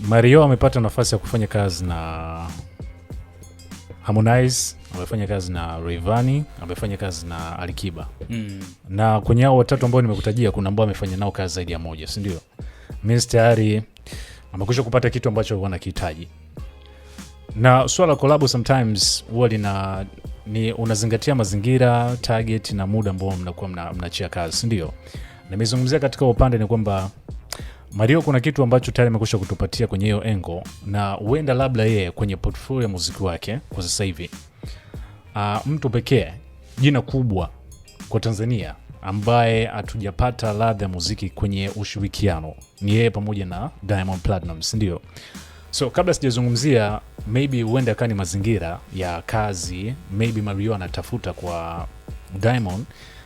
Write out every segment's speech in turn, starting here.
Mario amepata nafasi ya kufanya kazi na Harmonize, amefanya kazi na Rayvanny, amefanya kazi na Alikiba mm. na kwenye hao watatu ambao nimekutajia kuna ambao amefanya nao kazi zaidi ya moja, si ndio? Means tayari amekwisha kupata kitu ambacho wanakihitaji, na swala kolabo sometimes huwa lina ni unazingatia mazingira, target na muda ambao mnakuwa mnachia mna kazi, si ndio? Nimezungumzia katika upande ni kwamba Mario kuna kitu ambacho tayari amekusha kutupatia kwenye hiyo engo, na huenda labda yeye kwenye portfolio ya muziki wake kwa sasa hivi uh, mtu pekee jina kubwa kwa Tanzania ambaye hatujapata ladha ya muziki kwenye ushirikiano ni yeye pamoja na Diamond si ndio. So kabla sijazungumzia, maybe huenda akawa ni mazingira ya kazi, maybe Mario anatafuta kwa Diamond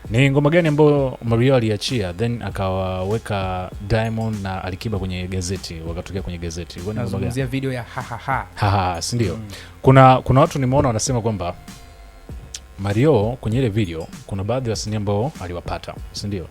ni ngoma gani ambayo Mario aliachia then akawaweka Diamond na Alikiba kwenye gazeti wakatokea kwenye gazeti? Nazungumzia video ya hahaha sindio Mm. Kuna kuna watu nimeona wanasema kwamba Mario kwenye ile video kuna baadhi ya wasanii ambao aliwapata, sindio ndio?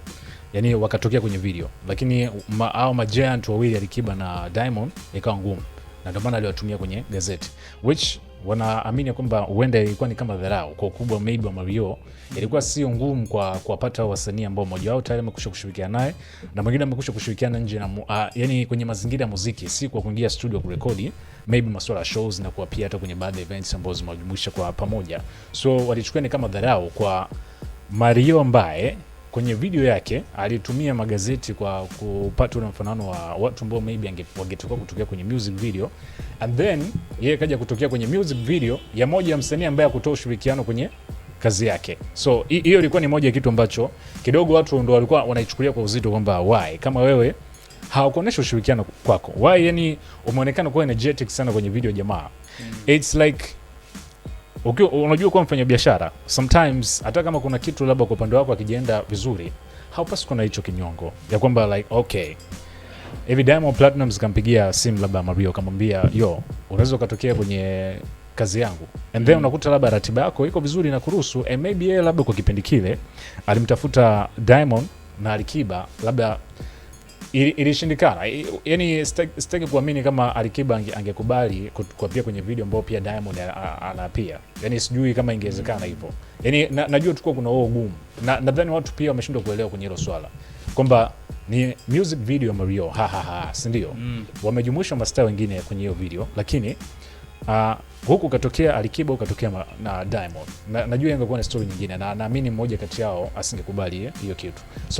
Yaani wakatokea kwenye video, lakini ma, au majiant wawili Alikiba na Diamond ikawa ngumu, na ndio aliwatumia kwenye gazeti which wanaamini kwamba huenda ilikuwa ni kama dharau kwa ukubwa maybe wa Mario, ilikuwa sio ngumu kwa kuwapata wasanii ambao mmoja wao tayari amekusha kushirikiana naye na mwingine amekusha kushirikiana nje na uh, yani kwenye mazingira ya muziki, si kwa kuingia studio kurekodi, maybe masuala ya shows na kuwa pia hata kwenye baadhi ya events ambazo zimewajumuisha kwa pamoja, so walichukua ni kama dharau kwa Mario ambaye kwenye video yake alitumia magazeti kwa kupata ule mfanano wa watu ambao maybe wangetoka kutokea kwenye music video, and then yeye kaja kutokea kwenye music video ya moja ya msanii ambaye akutoa ushirikiano kwenye kazi yake. So hiyo ilikuwa ni moja ya kitu ambacho kidogo watu ndo walikuwa wanaichukulia kwa uzito kwamba why, kama wewe hawakuonesha ushirikiano kwako why, yani umeonekana kuwa energetic sana kwenye video jamaa, mm. It's like ukiwa unajua kuwa mfanyabiashara, sometimes hata kama kuna kitu labda kwa upande wako akijienda vizuri, haupaswi kuna hicho kinyongo ya kwamba like okay hivi Diamond Platnumz kampigia simu labda Mario kamwambia yo, unaweza ukatokea kwenye kazi yangu and then mm. unakuta labda ratiba yako iko vizuri na kuruhusu and maybe yeye labda kwa kipindi kile alimtafuta Diamond na Alikiba labda ilishindikana. yani, sitaki kuamini kama Alikiba angekubali kuapia kwenye video ambayo pia Diamond anapia, yani sijui kama ingewezekana hivyo. Yani na, najua tukua kuna huo ugumu na nadhani watu pia wameshindwa kuelewa kwenye hilo swala kwamba ni music video Mario ha, ha, ha, si ndio? Mm. Wamejumuisha mastaa wengine kwenye hiyo video lakini uh, huku katokea Alikiba ukatokea na Diamond na, najua ingekuwa na story nyingine na naamini mmoja kati yao asingekubali hiyo kitu so,